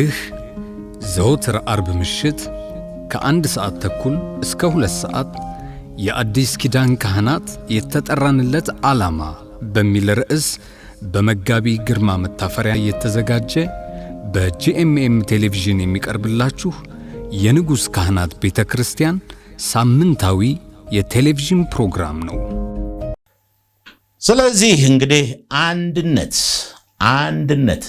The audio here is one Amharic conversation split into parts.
ይህ ዘወትር አርብ ምሽት ከአንድ ሰዓት ተኩል እስከ ሁለት ሰዓት የአዲስ ኪዳን ካህናት የተጠራንለት ዓላማ በሚል ርዕስ በመጋቢ ግርማ መታፈሪያ የተዘጋጀ በጂኤምኤም ቴሌቪዥን የሚቀርብላችሁ የንጉሥ ካህናት ቤተ ክርስቲያን ሳምንታዊ የቴሌቪዥን ፕሮግራም ነው። ስለዚህ እንግዲህ አንድነት አንድነት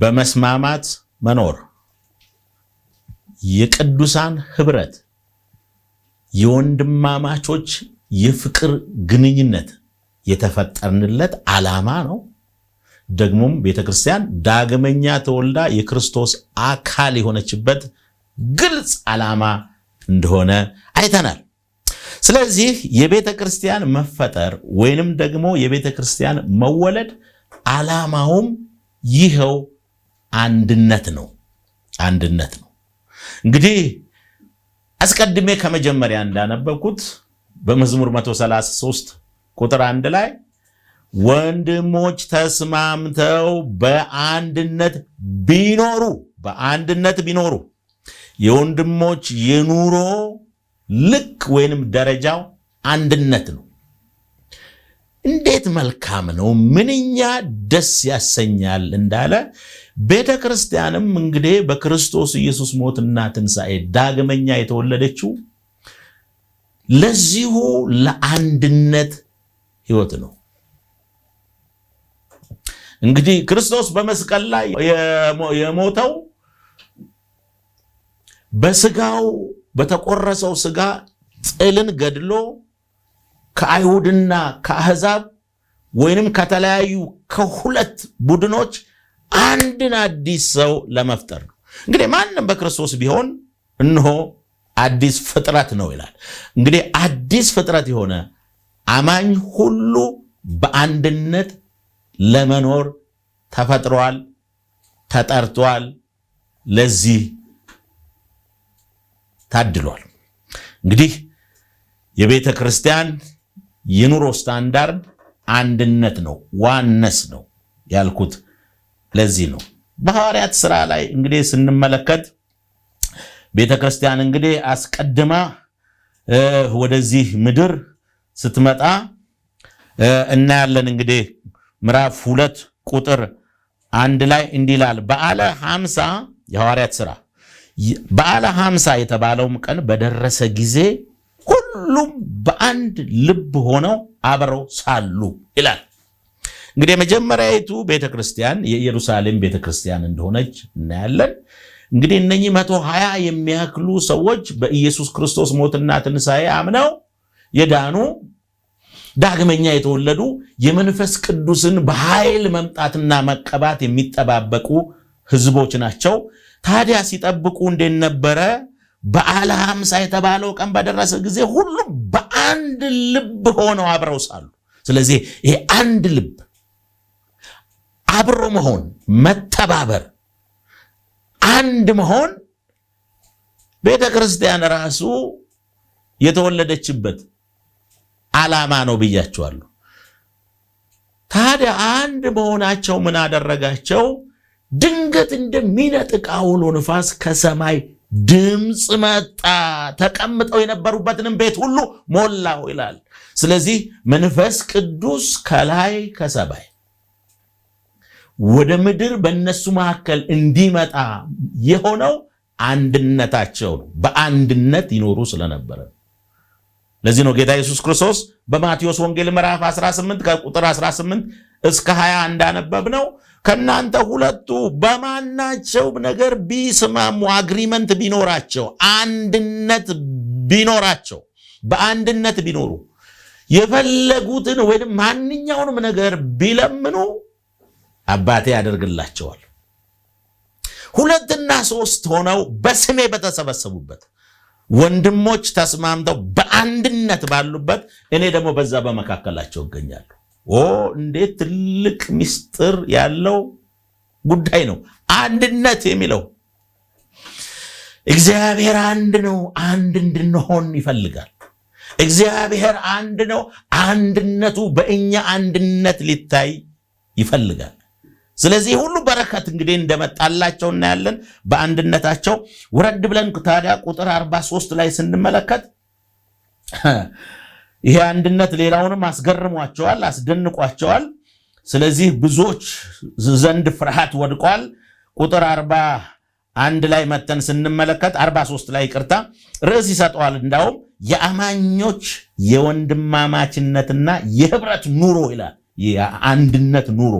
በመስማማት መኖር የቅዱሳን ህብረት የወንድማማቾች የፍቅር ግንኙነት የተፈጠርንለት ዓላማ ነው። ደግሞም ቤተ ክርስቲያን ዳግመኛ ተወልዳ የክርስቶስ አካል የሆነችበት ግልጽ ዓላማ እንደሆነ አይተናል። ስለዚህ የቤተ ክርስቲያን መፈጠር ወይንም ደግሞ የቤተ ክርስቲያን መወለድ ዓላማውም ይኸው አንድነት ነው። አንድነት ነው። እንግዲህ አስቀድሜ ከመጀመሪያ እንዳነበብኩት በመዝሙር 133 ቁጥር አንድ ላይ ወንድሞች ተስማምተው በአንድነት ቢኖሩ በአንድነት ቢኖሩ የወንድሞች የኑሮ ልክ ወይንም ደረጃው አንድነት ነው። እንዴት መልካም ነው! ምንኛ ደስ ያሰኛል እንዳለ ቤተ ክርስቲያንም እንግዲህ በክርስቶስ ኢየሱስ ሞትና ትንሣኤ ዳግመኛ የተወለደችው ለዚሁ ለአንድነት ህይወት ነው። እንግዲህ ክርስቶስ በመስቀል ላይ የሞተው በስጋው በተቆረሰው ስጋ ጥልን ገድሎ ከአይሁድና ከአህዛብ ወይንም ከተለያዩ ከሁለት ቡድኖች አንድን አዲስ ሰው ለመፍጠር ነው። እንግዲህ ማንም በክርስቶስ ቢሆን እነሆ አዲስ ፍጥረት ነው ይላል። እንግዲህ አዲስ ፍጥረት የሆነ አማኝ ሁሉ በአንድነት ለመኖር ተፈጥሯል፣ ተጠርቷል፣ ለዚህ ታድሏል። እንግዲህ የቤተ ክርስቲያን የኑሮ ስታንዳርድ አንድነት ነው፣ ዋነስ ነው ያልኩት ለዚህ ነው በሐዋርያት ስራ ላይ እንግዲህ ስንመለከት ቤተ ክርስቲያን እንግዲህ አስቀድማ ወደዚህ ምድር ስትመጣ እናያለን። እንግዲህ ምዕራፍ ሁለት ቁጥር አንድ ላይ እንዲህ ይላል በዓለ ሐምሳ የሐዋርያት ሥራ በዓለ ሐምሳ የተባለውም ቀን በደረሰ ጊዜ ሁሉም በአንድ ልብ ሆነው አብረው ሳሉ ይላል። እንግዲህ የመጀመሪያዊቱ ቤተክርስቲያን የኢየሩሳሌም ቤተክርስቲያን እንደሆነች እናያለን። እንግዲህ እነኚህ መቶ ሀያ የሚያክሉ ሰዎች በኢየሱስ ክርስቶስ ሞትና ትንሣኤ አምነው የዳኑ ዳግመኛ የተወለዱ የመንፈስ ቅዱስን በኃይል መምጣትና መቀባት የሚጠባበቁ ህዝቦች ናቸው። ታዲያ ሲጠብቁ እንዴት ነበረ? በዓለ ሃምሳ የተባለው ቀን በደረሰ ጊዜ ሁሉም በአንድ ልብ ሆነው አብረው ሳሉ። ስለዚህ ይሄ አንድ ልብ አብሮ መሆን፣ መተባበር፣ አንድ መሆን ቤተ ክርስቲያን ራሱ የተወለደችበት ዓላማ ነው ብያቸዋለሁ። ታዲያ አንድ መሆናቸው ምን አደረጋቸው? ድንገት እንደሚነጥቅ አውሎ ንፋስ ከሰማይ ድምፅ መጣ፣ ተቀምጠው የነበሩበትንም ቤት ሁሉ ሞላው ይላል። ስለዚህ መንፈስ ቅዱስ ከላይ ከሰማይ ወደ ምድር በእነሱ መካከል እንዲመጣ የሆነው አንድነታቸው ነው። በአንድነት ይኖሩ ስለነበረ ለዚህ ነው ጌታ ኢየሱስ ክርስቶስ በማቴዎስ ወንጌል ምዕራፍ 18 ከቁጥር 18 እስከ 20 እንዳነበብ ነው ከእናንተ ሁለቱ በማናቸው ነገር ቢስማሙ አግሪመንት ቢኖራቸው አንድነት ቢኖራቸው በአንድነት ቢኖሩ የፈለጉትን ወይም ማንኛውንም ነገር ቢለምኑ አባቴ ያደርግላቸዋል። ሁለትና ሶስት ሆነው በስሜ በተሰበሰቡበት ወንድሞች ተስማምተው በአንድነት ባሉበት እኔ ደግሞ በዛ በመካከላቸው እገኛለሁ። ኦ እንዴት ትልቅ ምስጢር ያለው ጉዳይ ነው! አንድነት የሚለው እግዚአብሔር አንድ ነው፣ አንድ እንድንሆን ይፈልጋል። እግዚአብሔር አንድ ነው፣ አንድነቱ በእኛ አንድነት ሊታይ ይፈልጋል። ስለዚህ ሁሉ በረከት እንግዲህ እንደመጣላቸው እናያለን በአንድነታቸው። ውረድ ብለን ታዲያ ቁጥር 43 ላይ ስንመለከት ይሄ አንድነት ሌላውንም አስገርሟቸዋል፣ አስደንቋቸዋል። ስለዚህ ብዙዎች ዘንድ ፍርሃት ወድቋል። ቁጥር 41 ላይ መተን ስንመለከት 43 ላይ ቅርታ ርዕስ ይሰጠዋል እንዳውም የአማኞች የወንድማማችነትና የህብረት ኑሮ ይላል። የአንድነት ኑሮ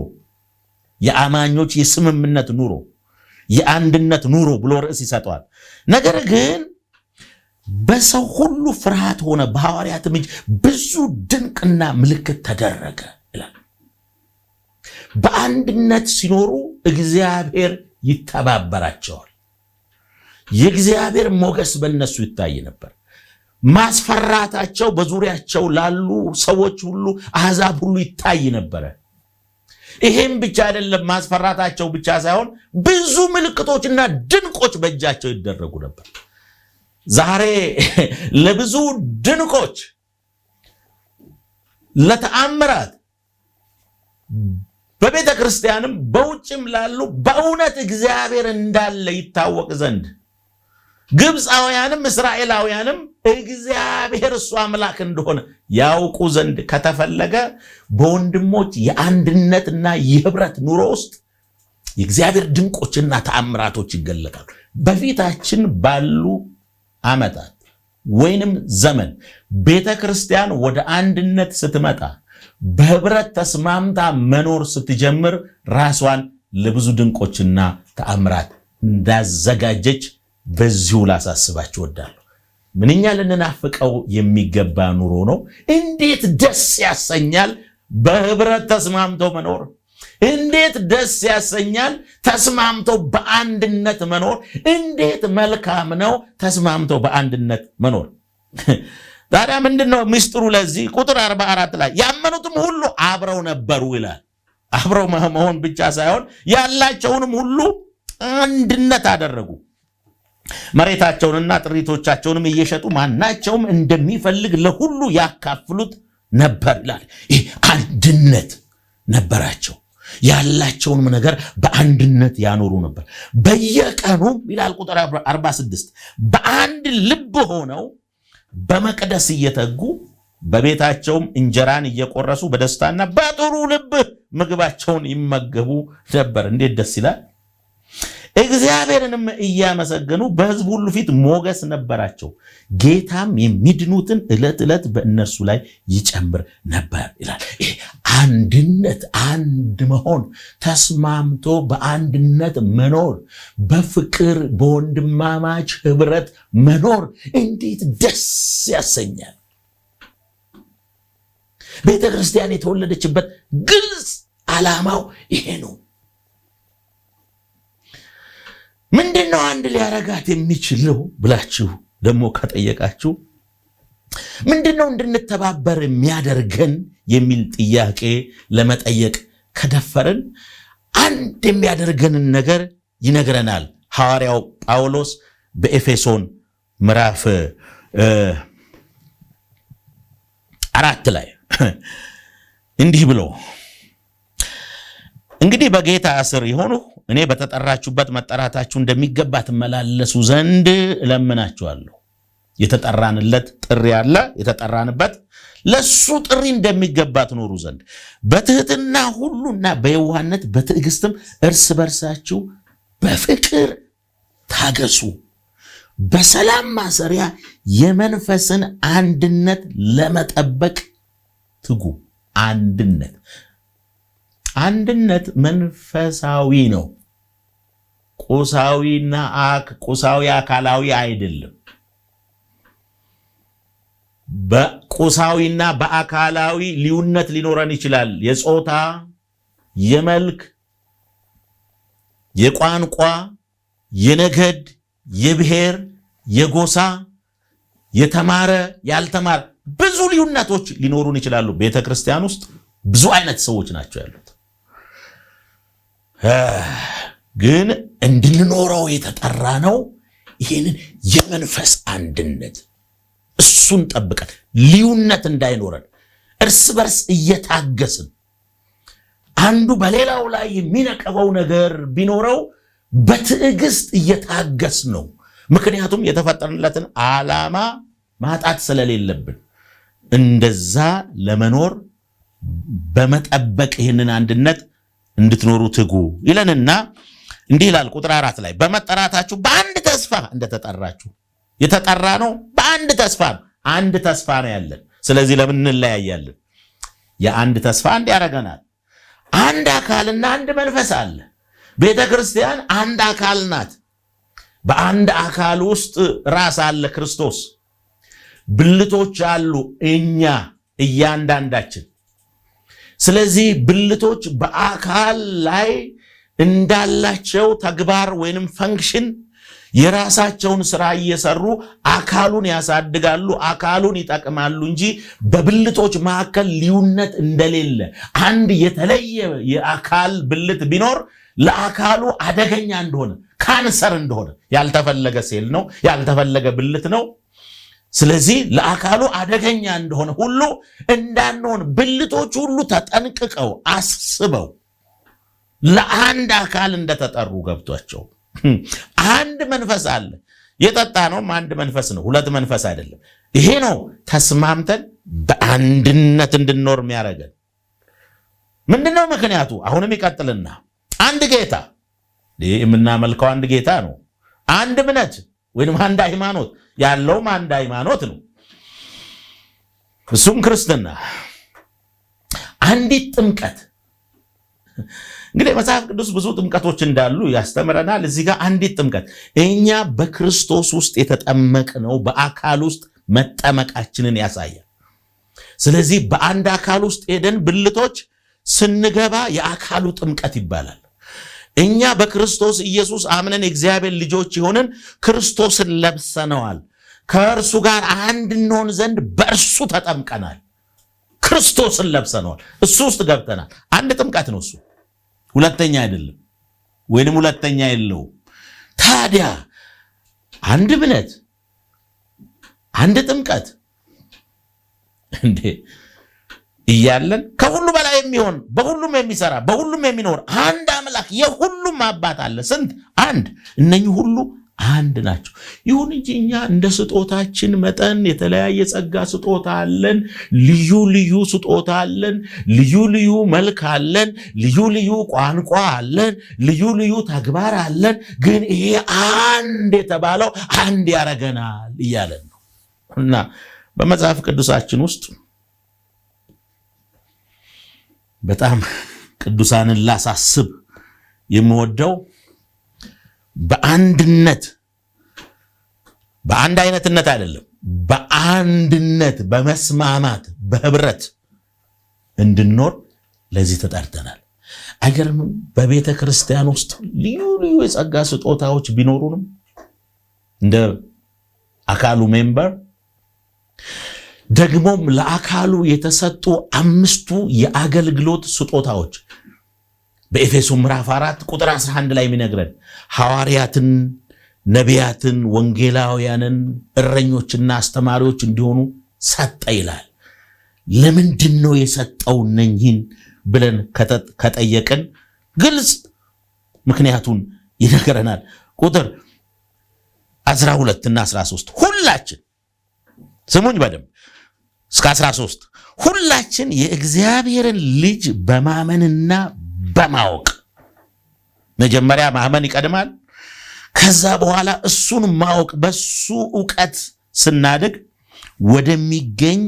የአማኞች የስምምነት ኑሮ፣ የአንድነት ኑሮ ብሎ ርዕስ ይሰጠዋል። ነገር ግን በሰው ሁሉ ፍርሃት ሆነ፣ በሐዋርያትም እጅ ብዙ ድንቅና ምልክት ተደረገ ይላል። በአንድነት ሲኖሩ እግዚአብሔር ይተባበራቸዋል። የእግዚአብሔር ሞገስ በእነሱ ይታይ ነበር። ማስፈራታቸው በዙሪያቸው ላሉ ሰዎች ሁሉ፣ አሕዛብ ሁሉ ይታይ ነበረ። ይሄም ብቻ አይደለም፣ ማስፈራታቸው ብቻ ሳይሆን ብዙ ምልክቶችና ድንቆች በእጃቸው ይደረጉ ነበር። ዛሬ ለብዙ ድንቆች፣ ለተአምራት በቤተ ክርስቲያንም በውጭም ላሉ በእውነት እግዚአብሔር እንዳለ ይታወቅ ዘንድ ግብፃውያንም እስራኤላውያንም እግዚአብሔር እሱ አምላክ እንደሆነ ያውቁ ዘንድ ከተፈለገ በወንድሞች የአንድነትና የህብረት ኑሮ ውስጥ የእግዚአብሔር ድንቆችና ተአምራቶች ይገለጣሉ። በፊታችን ባሉ ዓመታት ወይንም ዘመን ቤተ ክርስቲያን ወደ አንድነት ስትመጣ በህብረት ተስማምታ መኖር ስትጀምር ራሷን ለብዙ ድንቆችና ተአምራት እንዳዘጋጀች በዚሁ ላሳስባችሁ እወዳለሁ። ምንኛ ልንናፍቀው የሚገባ ኑሮ ነው። እንዴት ደስ ያሰኛል በህብረት ተስማምቶ መኖር! እንዴት ደስ ያሰኛል ተስማምቶ በአንድነት መኖር! እንዴት መልካም ነው ተስማምቶ በአንድነት መኖር! ታዲያ ምንድን ነው ምስጢሩ? ለዚህ ቁጥር 44 ላይ ያመኑትም ሁሉ አብረው ነበሩ ይላል። አብረው መሆን ብቻ ሳይሆን ያላቸውንም ሁሉ አንድነት አደረጉ መሬታቸውንና ጥሪቶቻቸውንም እየሸጡ ማናቸውም እንደሚፈልግ ለሁሉ ያካፍሉት ነበር ይላል። ይህ አንድነት ነበራቸው። ያላቸውንም ነገር በአንድነት ያኖሩ ነበር። በየቀኑ ይላል ቁጥር 46 በአንድ ልብ ሆነው በመቅደስ እየተጉ በቤታቸውም እንጀራን እየቆረሱ በደስታና በጥሩ ልብ ምግባቸውን ይመገቡ ነበር። እንዴት ደስ ይላል! እግዚአብሔርንም እያመሰገኑ በሕዝብ ሁሉ ፊት ሞገስ ነበራቸው። ጌታም የሚድኑትን ዕለት ዕለት በእነርሱ ላይ ይጨምር ነበር ይላል። ይሄ አንድነት፣ አንድ መሆን፣ ተስማምቶ በአንድነት መኖር፣ በፍቅር በወንድማማች ህብረት መኖር እንዴት ደስ ያሰኛል! ቤተ ክርስቲያን የተወለደችበት ግልጽ ዓላማው ይሄ ነው። ምንድን ነው አንድ ሊያረጋት የሚችለው ብላችሁ ደግሞ ከጠየቃችሁ ምንድን ነው እንድንተባበር የሚያደርገን የሚል ጥያቄ ለመጠየቅ ከደፈርን አንድ የሚያደርገንን ነገር ይነግረናል ሐዋርያው ጳውሎስ በኤፌሶን ምዕራፍ አራት ላይ እንዲህ ብሎ እንግዲህ በጌታ ስር የሆኑ እኔ በተጠራችሁበት መጠራታችሁ እንደሚገባ ትመላለሱ ዘንድ እለምናችኋለሁ። የተጠራንለት ጥሪ አለ። የተጠራንበት ለሱ ጥሪ እንደሚገባ ትኖሩ ዘንድ በትህትና ሁሉና በየዋህነት በትዕግስትም እርስ በርሳችሁ በፍቅር ታገሱ፣ በሰላም ማሰሪያ የመንፈስን አንድነት ለመጠበቅ ትጉ። አንድነት አንድነት መንፈሳዊ ነው። ቁሳዊና ቁሳዊ አካላዊ አይደለም። በቁሳዊና በአካላዊ ልዩነት ሊኖረን ይችላል። የጾታ፣ የመልክ፣ የቋንቋ፣ የነገድ፣ የብሔር፣ የጎሳ፣ የተማረ፣ ያልተማረ ብዙ ልዩነቶች ሊኖሩን ይችላሉ። ቤተ ክርስቲያን ውስጥ ብዙ አይነት ሰዎች ናቸው ያሉት። ግን እንድንኖረው የተጠራ ነው። ይህንን የመንፈስ አንድነት እሱን ጠብቀን ልዩነት እንዳይኖረን እርስ በርስ እየታገስን አንዱ በሌላው ላይ የሚነቀበው ነገር ቢኖረው በትዕግስት እየታገስ ነው። ምክንያቱም የተፈጠርንለትን ዓላማ ማጣት ስለሌለብን እንደዛ ለመኖር በመጠበቅ ይህንን አንድነት እንድትኖሩ ትጉ ይለንና እንዲህ ይላል ቁጥር አራት ላይ በመጠራታችሁ በአንድ ተስፋ እንደተጠራችሁ የተጠራ ነው። በአንድ ተስፋ ነው። አንድ ተስፋ ነው ያለን። ስለዚህ ለምን እንለያያለን? የአንድ ተስፋ አንድ ያደርገናል። አንድ አካልና አንድ መንፈስ አለ። ቤተ ክርስቲያን አንድ አካል ናት። በአንድ አካል ውስጥ ራስ አለ ክርስቶስ። ብልቶች አሉ እኛ እያንዳንዳችን ስለዚህ ብልቶች በአካል ላይ እንዳላቸው ተግባር ወይንም ፈንክሽን የራሳቸውን ስራ እየሰሩ አካሉን ያሳድጋሉ፣ አካሉን ይጠቅማሉ እንጂ በብልቶች መካከል ልዩነት እንደሌለ አንድ የተለየ የአካል ብልት ቢኖር ለአካሉ አደገኛ እንደሆነ ካንሰር እንደሆነ ያልተፈለገ ሴል ነው፣ ያልተፈለገ ብልት ነው። ስለዚህ ለአካሉ አደገኛ እንደሆነ ሁሉ እንዳንሆን ብልቶች ሁሉ ተጠንቅቀው አስበው ለአንድ አካል እንደተጠሩ ገብቷቸው አንድ መንፈስ አለ። የጠጣ ነውም አንድ መንፈስ ነው፣ ሁለት መንፈስ አይደለም። ይሄ ነው ተስማምተን በአንድነት እንድንኖር የሚያደርገን። ምንድነው ምክንያቱ? አሁንም ይቀጥልና አንድ ጌታ የምናመልከው አንድ ጌታ ነው፣ አንድ እምነት ወይም አንድ ሃይማኖት ያለውም አንድ ሃይማኖት ነው፣ እሱም ክርስትና። አንዲት ጥምቀት እንግዲህ መጽሐፍ ቅዱስ ብዙ ጥምቀቶች እንዳሉ ያስተምረናል። እዚህ ጋር አንዲት ጥምቀት እኛ በክርስቶስ ውስጥ የተጠመቅነው በአካል ውስጥ መጠመቃችንን ያሳያል። ስለዚህ በአንድ አካል ውስጥ ሄደን ብልቶች ስንገባ የአካሉ ጥምቀት ይባላል። እኛ በክርስቶስ ኢየሱስ አምነን የእግዚአብሔር ልጆች የሆንን ክርስቶስን ለብሰነዋል። ከእርሱ ጋር አንድ እንሆን ዘንድ በእርሱ ተጠምቀናል። ክርስቶስን ለብሰነዋል። እሱ ውስጥ ገብተናል። አንድ ጥምቀት ነው እሱ፣ ሁለተኛ አይደለም፣ ወይንም ሁለተኛ የለውም። ታዲያ አንድ እምነት፣ አንድ ጥምቀት እንዴ! እያለን ከሁሉ በላይ የሚሆን በሁሉም የሚሰራ በሁሉም የሚኖር አንድ አምላክ የሁሉም አባት አለ። ስንት አንድ። እነኚህ ሁሉ አንድ ናቸው። ይሁን እንጂ እኛ እንደ ስጦታችን መጠን የተለያየ ጸጋ ስጦታ አለን። ልዩ ልዩ ስጦታ አለን። ልዩ ልዩ መልክ አለን። ልዩ ልዩ ቋንቋ አለን። ልዩ ልዩ ተግባር አለን። ግን ይሄ አንድ የተባለው አንድ ያረገናል እያለን ነው እና በመጽሐፍ ቅዱሳችን ውስጥ በጣም ቅዱሳንን ላሳስብ የምወደው በአንድነት በአንድ አይነትነት አይደለም፣ በአንድነት በመስማማት በህብረት እንድንኖር ለዚህ ተጠርተናል። አይገርምም? በቤተ ክርስቲያን ውስጥ ልዩ ልዩ የጸጋ ስጦታዎች ቢኖሩንም እንደ አካሉ ሜምበር ደግሞም ለአካሉ የተሰጡ አምስቱ የአገልግሎት ስጦታዎች በኤፌሶን ምዕራፍ 4 ቁጥር 11 ላይ የሚነግረን ሐዋርያትን፣ ነቢያትን፣ ወንጌላውያንን እረኞችና አስተማሪዎች እንዲሆኑ ሰጠ ይላል። ለምንድን ነው የሰጠው እነኝህን ብለን ከጠየቅን ግልጽ ምክንያቱን ይነግረናል። ቁጥር 12 እና 13 ሁላችን ስሙኝ በደንብ እስከ 13 ሁላችን የእግዚአብሔርን ልጅ በማመንና በማወቅ መጀመሪያ ማመን ይቀድማል። ከዛ በኋላ እሱን ማወቅ በሱ እውቀት ስናድግ ወደሚገኝ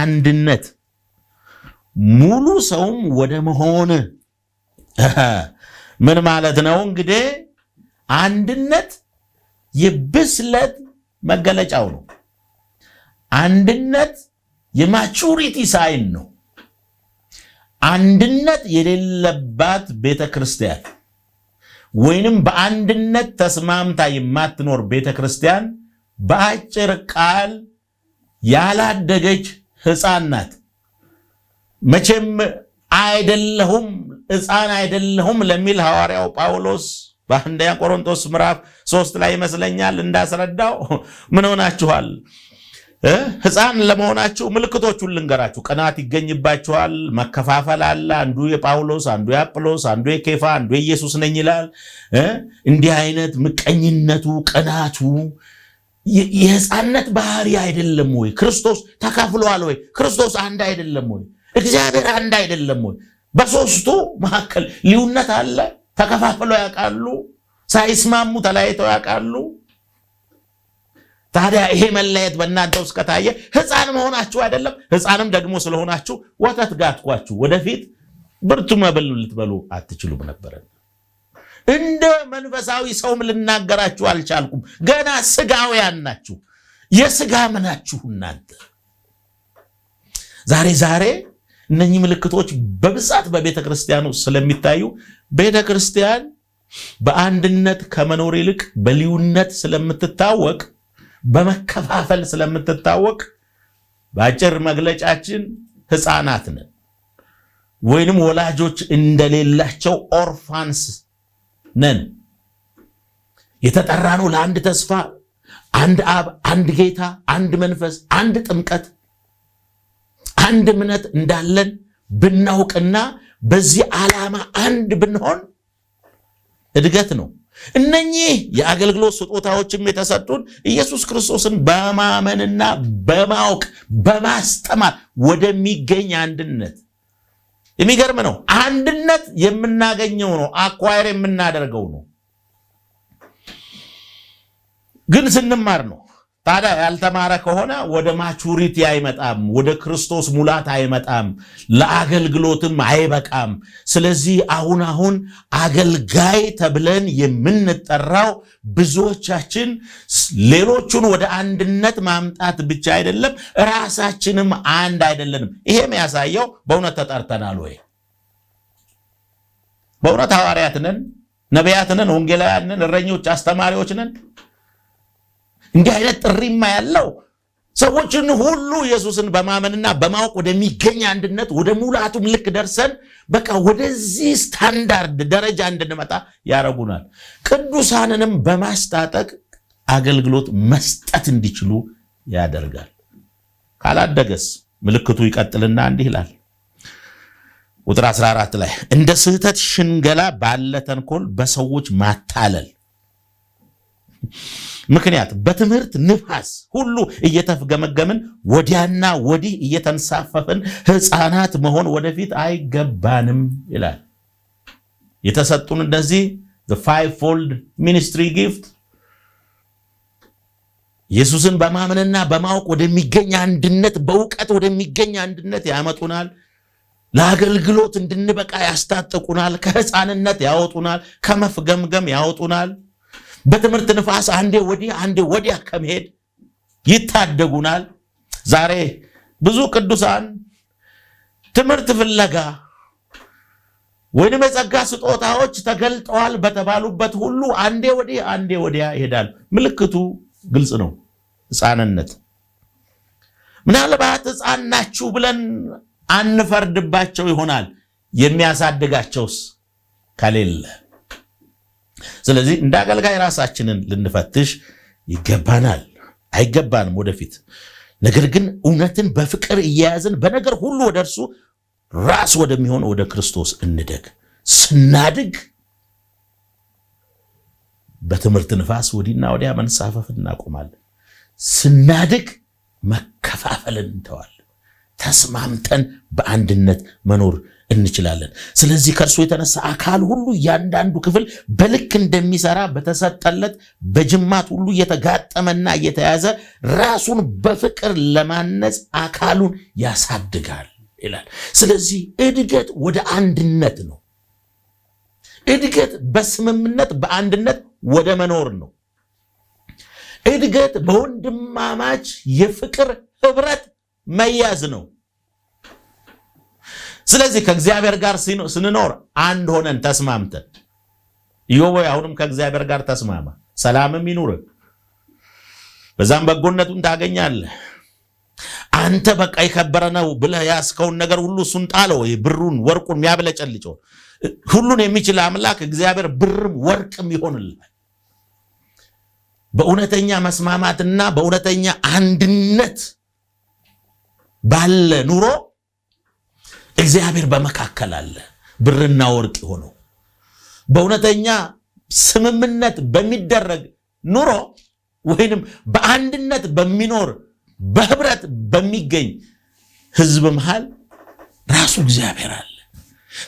አንድነት ሙሉ ሰውም ወደ መሆን ምን ማለት ነው እንግዲህ አንድነት የብስለት መገለጫው ነው። አንድነት የማቹሪቲ ሳይን ነው። አንድነት የሌለባት ቤተ ክርስቲያን ወይንም በአንድነት ተስማምታ የማትኖር ቤተ ክርስቲያን በአጭር ቃል ያላደገች ሕፃን ናት። መቼም አይደለሁም ሕፃን አይደለሁም ለሚል ሐዋርያው ጳውሎስ በአንደኛ ቆሮንቶስ ምዕራፍ ሶስት ላይ ይመስለኛል እንዳስረዳው ምን ሆናችኋል? ህፃን ለመሆናችሁ ምልክቶቹን ልንገራችሁ። ቅናት ይገኝባችኋል። መከፋፈል አለ። አንዱ የጳውሎስ አንዱ የአጵሎስ አንዱ የኬፋ አንዱ የኢየሱስ ነኝ ይላል። እንዲህ አይነት ምቀኝነቱ፣ ቅናቱ የህፃንነት ባህሪ አይደለም ወይ? ክርስቶስ ተካፍሏል ወይ? ክርስቶስ አንድ አይደለም ወይ? እግዚአብሔር አንድ አይደለም ወይ? በሶስቱ መካከል ልዩነት አለ። ተከፋፍለው ያውቃሉ። ሳይስማሙ ተለያይተው ያውቃሉ። ታዲያ ይሄ መለየት በእናንተ ውስጥ ከታየ ህፃን መሆናችሁ አይደለም። ህፃንም ደግሞ ስለሆናችሁ ወተት ጋትኳችሁ። ወደፊት ብርቱ መብል ልትበሉ አትችሉም ነበረ። እንደ መንፈሳዊ ሰውም ልናገራችሁ አልቻልኩም። ገና ስጋውያን ናችሁ፣ የስጋ ምናችሁ እናንተ። ዛሬ ዛሬ እነኚህ ምልክቶች በብዛት በቤተ ውስጥ ስለሚታዩ ቤተ ክርስቲያን በአንድነት ከመኖር ይልቅ በልዩነት ስለምትታወቅ በመከፋፈል ስለምትታወቅ በአጭር መግለጫችን ህፃናት ነን ወይንም ወላጆች እንደሌላቸው ኦርፋንስ ነን። የተጠራነው ለአንድ ተስፋ፣ አንድ አብ፣ አንድ ጌታ፣ አንድ መንፈስ፣ አንድ ጥምቀት፣ አንድ እምነት እንዳለን ብናውቅና በዚህ ዓላማ አንድ ብንሆን እድገት ነው። እነኚህ የአገልግሎት ስጦታዎችም የተሰጡን ኢየሱስ ክርስቶስን በማመንና በማወቅ በማስተማር ወደሚገኝ አንድነት የሚገርም ነው። አንድነት የምናገኘው ነው፣ አኳየር የምናደርገው ነው፣ ግን ስንማር ነው። ታዲያ ያልተማረ ከሆነ ወደ ማቹሪቲ አይመጣም፣ ወደ ክርስቶስ ሙላት አይመጣም፣ ለአገልግሎትም አይበቃም። ስለዚህ አሁን አሁን አገልጋይ ተብለን የምንጠራው ብዙዎቻችን ሌሎቹን ወደ አንድነት ማምጣት ብቻ አይደለም፣ ራሳችንም አንድ አይደለንም። ይሄም ያሳየው በእውነት ተጠርተናል ወይ? በእውነት ሐዋርያት ነን? ነቢያት ነን? ወንጌላውያን ነን? እረኞች፣ አስተማሪዎች ነን? እንዲህ አይነት ጥሪማ ያለው ሰዎችን ሁሉ ኢየሱስን በማመንና በማወቅ ወደሚገኝ አንድነት ወደ ሙላቱም ልክ ደርሰን በቃ ወደዚህ ስታንዳርድ ደረጃ እንድንመጣ ያደርጉናል። ቅዱሳንንም በማስታጠቅ አገልግሎት መስጠት እንዲችሉ ያደርጋል። ካላደገስ ምልክቱ ይቀጥልና እንዲህ ይላል ቁጥር 14 ላይ እንደ ስህተት ሽንገላ ባለ ተንኮል በሰዎች ማታለል ምክንያት በትምህርት ንፋስ ሁሉ እየተፍገመገምን ወዲያና ወዲህ እየተንሳፈፍን ሕፃናት መሆን ወደፊት አይገባንም ይላል። የተሰጡን እነዚህ ፋይቭ ፎልድ ሚኒስትሪ ጊፍት ኢየሱስን በማመንና በማወቅ ወደሚገኝ አንድነት፣ በእውቀት ወደሚገኝ አንድነት ያመጡናል። ለአገልግሎት እንድንበቃ ያስታጥቁናል። ከሕፃንነት ያወጡናል። ከመፍገምገም ያወጡናል። በትምህርት ንፋስ አንዴ ወዲህ አንዴ ወዲያ ከመሄድ ይታደጉናል። ዛሬ ብዙ ቅዱሳን ትምህርት ፍለጋ ወይንም የጸጋ ስጦታዎች ተገልጠዋል በተባሉበት ሁሉ አንዴ ወዲህ አንዴ ወዲያ ይሄዳል። ምልክቱ ግልጽ ነው፣ ሕፃንነት። ምናልባት ሕፃን ናችሁ ብለን አንፈርድባቸው ይሆናል። የሚያሳድጋቸውስ ከሌለ ስለዚህ እንደ አገልጋይ ራሳችንን ልንፈትሽ ይገባናል። አይገባንም ወደፊት ነገር ግን እውነትን በፍቅር እየያዝን በነገር ሁሉ ወደ እርሱ ራስ ወደሚሆን ወደ ክርስቶስ እንደግ። ስናድግ በትምህርት ንፋስ ወዲና ወዲያ መንሳፈፍ እናቆማለን። ስናድግ መከፋፈልን እንተዋለን። ተስማምተን በአንድነት መኖር እንችላለን። ስለዚህ ከእርሱ የተነሳ አካል ሁሉ እያንዳንዱ ክፍል በልክ እንደሚሰራ በተሰጠለት በጅማት ሁሉ እየተጋጠመና የተያዘ ራሱን በፍቅር ለማነጽ አካሉን ያሳድጋል ይላል። ስለዚህ እድገት ወደ አንድነት ነው። እድገት በስምምነት በአንድነት ወደ መኖር ነው። እድገት በወንድማማች የፍቅር ህብረት መያዝ ነው። ስለዚህ ከእግዚአብሔር ጋር ስንኖር አንድ ሆነን ተስማምተን ኢዮብ አሁንም ከእግዚአብሔር ጋር ተስማማ፣ ሰላምም ይኑርህ፣ በዛም በጎነቱን ታገኛለህ። አንተ በቃ የከበረ ነው ብለህ ያስከውን ነገር ሁሉ እሱን ጣለው። ብሩን ወርቁን የሚያብለጨልጨው ሁሉን የሚችል አምላክ እግዚአብሔር ብርም ወርቅም ይሆንልሃል። በእውነተኛ መስማማትና በእውነተኛ አንድነት ባለ ኑሮ እግዚአብሔር በመካከል አለ። ብርና ወርቅ የሆነው በእውነተኛ ስምምነት በሚደረግ ኑሮ ወይንም በአንድነት በሚኖር በህብረት በሚገኝ ህዝብ መሃል ራሱ እግዚአብሔር አለ።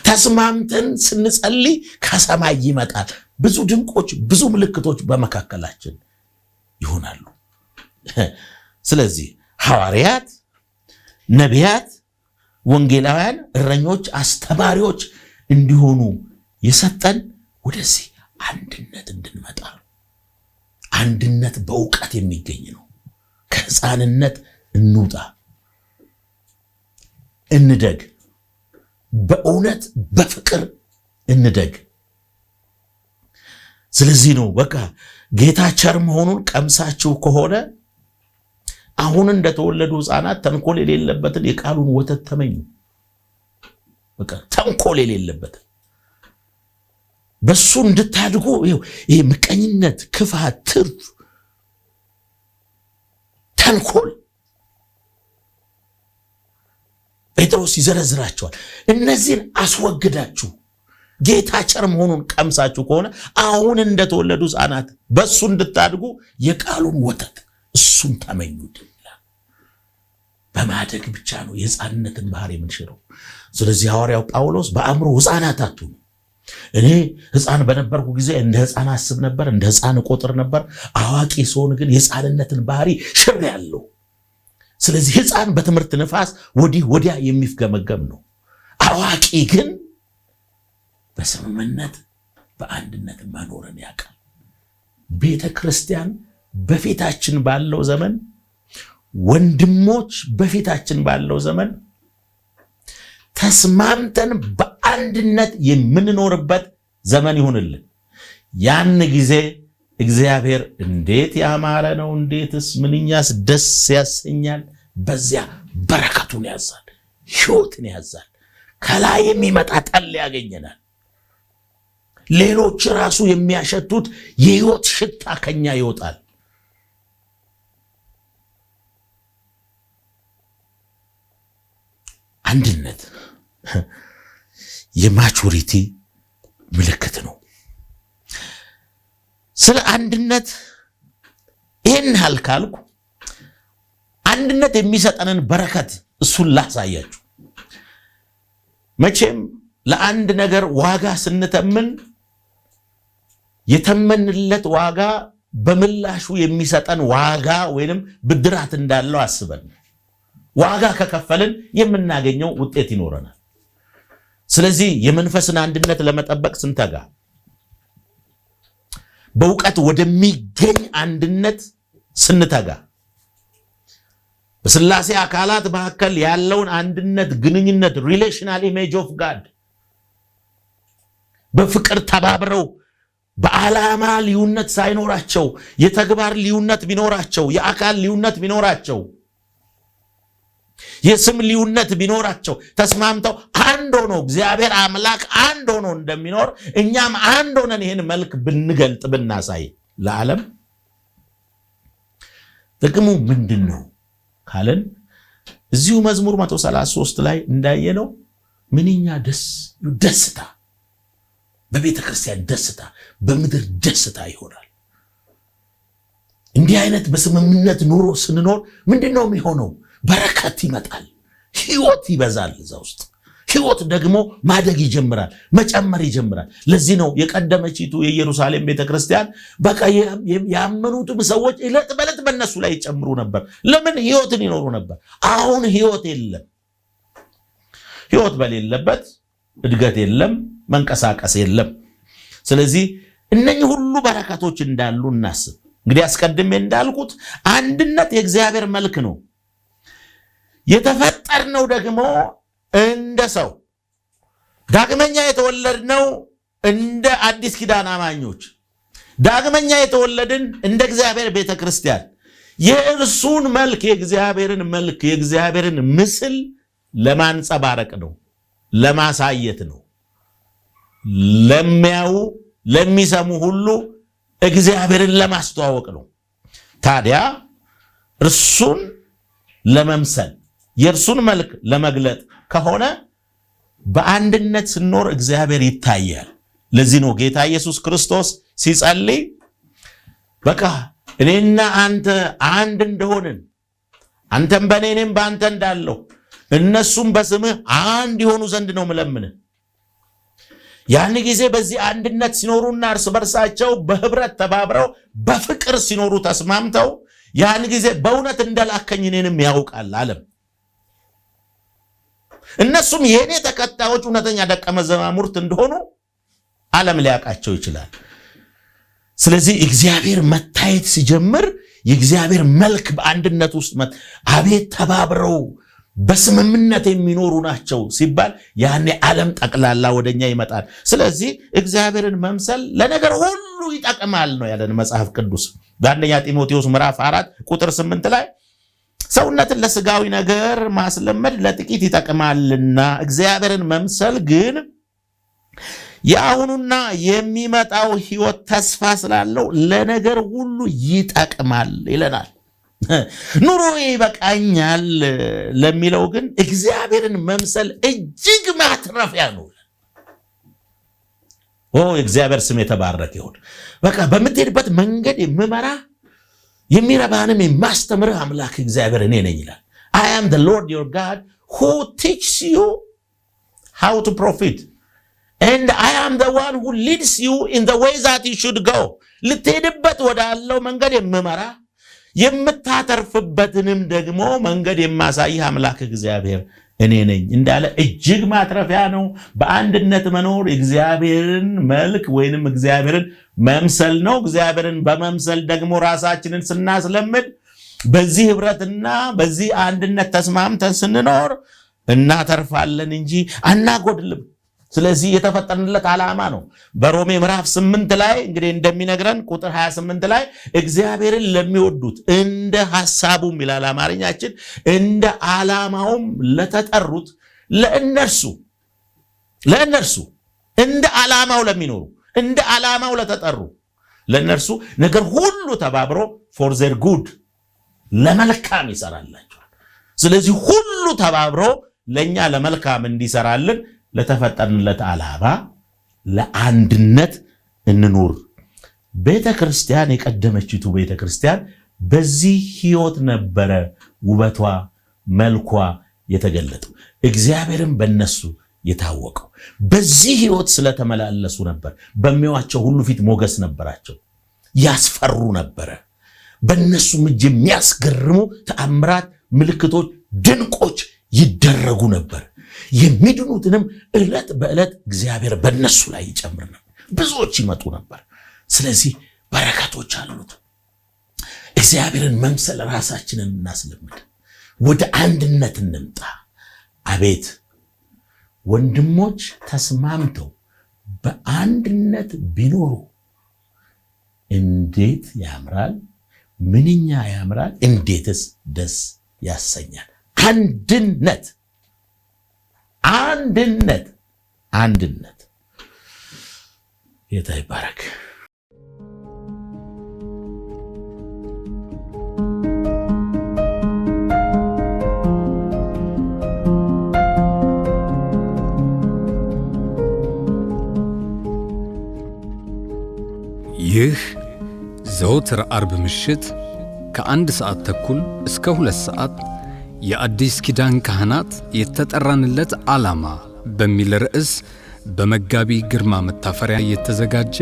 ተስማምተን ስንጸልይ ከሰማይ ይመጣል። ብዙ ድንቆች፣ ብዙ ምልክቶች በመካከላችን ይሆናሉ። ስለዚህ ሐዋርያት፣ ነቢያት ወንጌላውያን እረኞች፣ አስተማሪዎች እንዲሆኑ የሰጠን ወደዚህ አንድነት እንድንመጣ ነው። አንድነት በእውቀት የሚገኝ ነው። ከህፃንነት እንውጣ፣ እንደግ። በእውነት በፍቅር እንደግ። ስለዚህ ነው በቃ ጌታ ቸር መሆኑን ቀምሳችሁ ከሆነ አሁን እንደተወለዱ ህፃናት ተንኮል የሌለበትን የቃሉን ወተት ተመኙ። በቃ ተንኮል የሌለበትን በሱ እንድታድጉ ይሄ ምቀኝነት፣ ክፋት፣ ትርፍ፣ ተንኮል ጴጥሮስ ይዘረዝራቸዋል። እነዚህን አስወግዳችሁ ጌታ ቸር መሆኑን ቀምሳችሁ ከሆነ አሁን እንደተወለዱ ህፃናት በሱ እንድታድጉ የቃሉን ወተት እሱን ተመኙት ይላል። በማደግ ብቻ ነው የህፃንነትን ባህር የምንሽረው። ስለዚህ ሐዋርያው ጳውሎስ በአእምሮ ህፃናት አትሁኑ። እኔ ህፃን በነበርኩ ጊዜ እንደ ህፃን አስብ ነበር፣ እንደ ህፃን ቆጥር ነበር። አዋቂ ሲሆን ግን የህፃንነትን ባህሪ ሽር ያለው። ስለዚህ ህፃን በትምህርት ንፋስ ወዲህ ወዲያ የሚፍገመገም ነው። አዋቂ ግን በስምምነት በአንድነት መኖርን ያውቃል። ቤተ ክርስቲያን በፊታችን ባለው ዘመን ወንድሞች በፊታችን ባለው ዘመን ተስማምተን በአንድነት የምንኖርበት ዘመን ይሁንልን። ያን ጊዜ እግዚአብሔር እንዴት ያማረ ነው! እንዴትስ ምንኛስ ደስ ያሰኛል! በዚያ በረከቱን ያዛል፣ ሕይወትን ያዛል፣ ከላይ የሚመጣ ጠል ያገኘናል። ሌሎች ራሱ የሚያሸቱት የሕይወት ሽታ ከኛ ይወጣል። አንድነት የማቹሪቲ ምልክት ነው። ስለ አንድነት ይህን ያህል ካልኩ አንድነት የሚሰጠንን በረከት እሱን ላሳያችሁ። መቼም ለአንድ ነገር ዋጋ ስንተምን የተመንለት ዋጋ በምላሹ የሚሰጠን ዋጋ ወይንም ብድራት እንዳለው አስበን ዋጋ ከከፈልን የምናገኘው ውጤት ይኖረናል። ስለዚህ የመንፈስን አንድነት ለመጠበቅ ስንተጋ በእውቀት ወደሚገኝ አንድነት ስንተጋ በስላሴ አካላት መካከል ያለውን አንድነት ግንኙነት ሪሌሽናል ኢሜጅ ኦፍ ጋድ በፍቅር ተባብረው በዓላማ ልዩነት ሳይኖራቸው የተግባር ልዩነት ቢኖራቸው የአካል ልዩነት ቢኖራቸው የስም ልዩነት ቢኖራቸው ተስማምተው አንድ ሆኖ እግዚአብሔር አምላክ አንድ ሆኖ እንደሚኖር እኛም አንድ ሆነን ይህን መልክ ብንገልጥ ብናሳይ ለዓለም ጥቅሙ ምንድን ነው ካለን እዚሁ መዝሙር 133 ላይ እንዳየነው ምንኛ ደስ ደስታ በቤተ ክርስቲያን ደስታ በምድር ደስታ ይሆናል። እንዲህ አይነት በስምምነት ኑሮ ስንኖር ምንድን ነው የሚሆነው? በረከት ይመጣል። ህይወት ይበዛል። እዛ ውስጥ ህይወት ደግሞ ማደግ ይጀምራል፣ መጨመር ይጀምራል። ለዚህ ነው የቀደመችቱ የኢየሩሳሌም ቤተክርስቲያን በቃ ያመኑትም ሰዎች እለት በዕለት በእነሱ ላይ ይጨምሩ ነበር። ለምን? ህይወትን ይኖሩ ነበር። አሁን ህይወት የለም። ህይወት በሌለበት እድገት የለም፣ መንቀሳቀስ የለም። ስለዚህ እነኚህ ሁሉ በረከቶች እንዳሉ እናስብ። እንግዲህ አስቀድሜ እንዳልኩት አንድነት የእግዚአብሔር መልክ ነው። የተፈጠርነው ደግሞ እንደ ሰው ዳግመኛ የተወለድነው እንደ አዲስ ኪዳን አማኞች ዳግመኛ የተወለድን እንደ እግዚአብሔር ቤተ ክርስቲያን የእርሱን መልክ የእግዚአብሔርን መልክ የእግዚአብሔርን ምስል ለማንጸባረቅ ነው፣ ለማሳየት ነው። ለሚያዩ ለሚሰሙ ሁሉ እግዚአብሔርን ለማስተዋወቅ ነው። ታዲያ እርሱን ለመምሰል የእርሱን መልክ ለመግለጥ ከሆነ በአንድነት ስኖር እግዚአብሔር ይታያል። ለዚህ ነው ጌታ ኢየሱስ ክርስቶስ ሲጸልይ በቃ እኔና አንተ አንድ እንደሆንን አንተም በእኔ እኔም በአንተ እንዳለሁ እነሱም በስምህ አንድ የሆኑ ዘንድ ነው ምለምን ያን ጊዜ በዚህ አንድነት ሲኖሩና እርስ በርሳቸው በህብረት ተባብረው በፍቅር ሲኖሩ ተስማምተው ያን ጊዜ በእውነት እንደላከኝ እኔንም ያውቃል አለም። እነሱም የእኔ ተከታዮች እውነተኛ ደቀ መዛሙርት እንደሆኑ ዓለም ሊያውቃቸው ይችላል። ስለዚህ እግዚአብሔር መታየት ሲጀምር የእግዚአብሔር መልክ በአንድነት ውስጥ አቤት ተባብረው በስምምነት የሚኖሩ ናቸው ሲባል ያኔ ዓለም ጠቅላላ ወደኛ ይመጣል። ስለዚህ እግዚአብሔርን መምሰል ለነገር ሁሉ ይጠቅማል ነው ያለን መጽሐፍ ቅዱስ በአንደኛ ጢሞቴዎስ ምዕራፍ አራት ቁጥር ስምንት ላይ ሰውነትን ለስጋዊ ነገር ማስለመድ ለጥቂት ይጠቅማልና እግዚአብሔርን መምሰል ግን የአሁኑና የሚመጣው ሕይወት ተስፋ ስላለው ለነገር ሁሉ ይጠቅማል ይለናል። ኑሮ ይበቃኛል ለሚለው ግን እግዚአብሔርን መምሰል እጅግ ማትረፊያ ነው። ኦ እግዚአብሔር ስም የተባረክ ይሁን። በቃ በምትሄድበት መንገድ የምመራ የሚረባንም የማስተምር አምላክ እግዚአብሔር እኔ ነኝ ይላል። አይ አም ዘ ሎርድ ዮር ጋድ ሁ ቲችስ ዩ ሃው ቱ ፕሮፊት ኤንድ አይ አም ዘ ዋን ሁ ሊድስ ዩ ኢን ዘ ዌይ ዛት ዩ ሹድ ጎ ልትሄድበት ወዳለው መንገድ የምመራ የምታተርፍበትንም ደግሞ መንገድ የማሳይህ አምላክ እግዚአብሔር እኔ ነኝ እንዳለ እጅግ ማትረፊያ ነው። በአንድነት መኖር እግዚአብሔርን መልክ ወይንም እግዚአብሔርን መምሰል ነው። እግዚአብሔርን በመምሰል ደግሞ ራሳችንን ስናስለምድ በዚህ ህብረትና በዚህ አንድነት ተስማምተን ስንኖር እናተርፋለን እንጂ አናጎድልም። ስለዚህ የተፈጠርንለት ዓላማ ነው። በሮሜ ምዕራፍ ስምንት ላይ እንግዲህ እንደሚነግረን ቁጥር 28 ላይ እግዚአብሔርን ለሚወዱት እንደ ሐሳቡም ይላል አማርኛችን፣ እንደ ዓላማውም ለተጠሩት ለእነርሱ ለእነርሱ እንደ ዓላማው ለሚኖሩ እንደ ዓላማው ለተጠሩ ለእነርሱ ነገር ሁሉ ተባብሮ ፎር ዘር ጉድ ለመልካም ይሰራላቸዋል። ስለዚህ ሁሉ ተባብሮ ለእኛ ለመልካም እንዲሰራልን ለተፈጠርንለት ዓላማ ለአንድነት እንኑር። ቤተ ክርስቲያን የቀደመችቱ ቤተ ክርስቲያን በዚህ ህይወት ነበረ ውበቷ መልኳ የተገለጠው፣ እግዚአብሔርም በነሱ የታወቀው። በዚህ ህይወት ስለተመላለሱ ነበር። በሚዋቸው ሁሉ ፊት ሞገስ ነበራቸው፣ ያስፈሩ ነበረ። በእነሱም እጅ የሚያስገርሙ ተአምራት፣ ምልክቶች፣ ድንቆች ይደረጉ ነበር። የሚድኑትንም ዕለት በዕለት እግዚአብሔር በነሱ ላይ ይጨምር ነበር። ብዙዎች ይመጡ ነበር። ስለዚህ በረከቶች አሉት። እግዚአብሔርን መምሰል ራሳችንን እናስለምድ። ወደ አንድነት እንምጣ። አቤት ወንድሞች ተስማምተው በአንድነት ቢኖሩ እንዴት ያምራል! ምንኛ ያምራል! እንዴትስ ደስ ያሰኛል! አንድነት አንድነት አንድነት ጌታ ይባረክ። ይህ ዘወትር አርብ ምሽት ከአንድ ሰዓት ተኩል እስከ ሁለት ሰዓት የአዲስ ኪዳን ካህናት የተጠራንለት ዓላማ በሚል ርዕስ በመጋቢ ግርማ መታፈሪያ የተዘጋጀ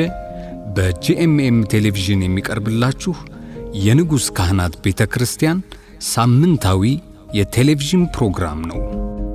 በጂኤምኤም ቴሌቪዥን የሚቀርብላችሁ የንጉሥ ካህናት ቤተ ክርስቲያን ሳምንታዊ የቴሌቪዥን ፕሮግራም ነው።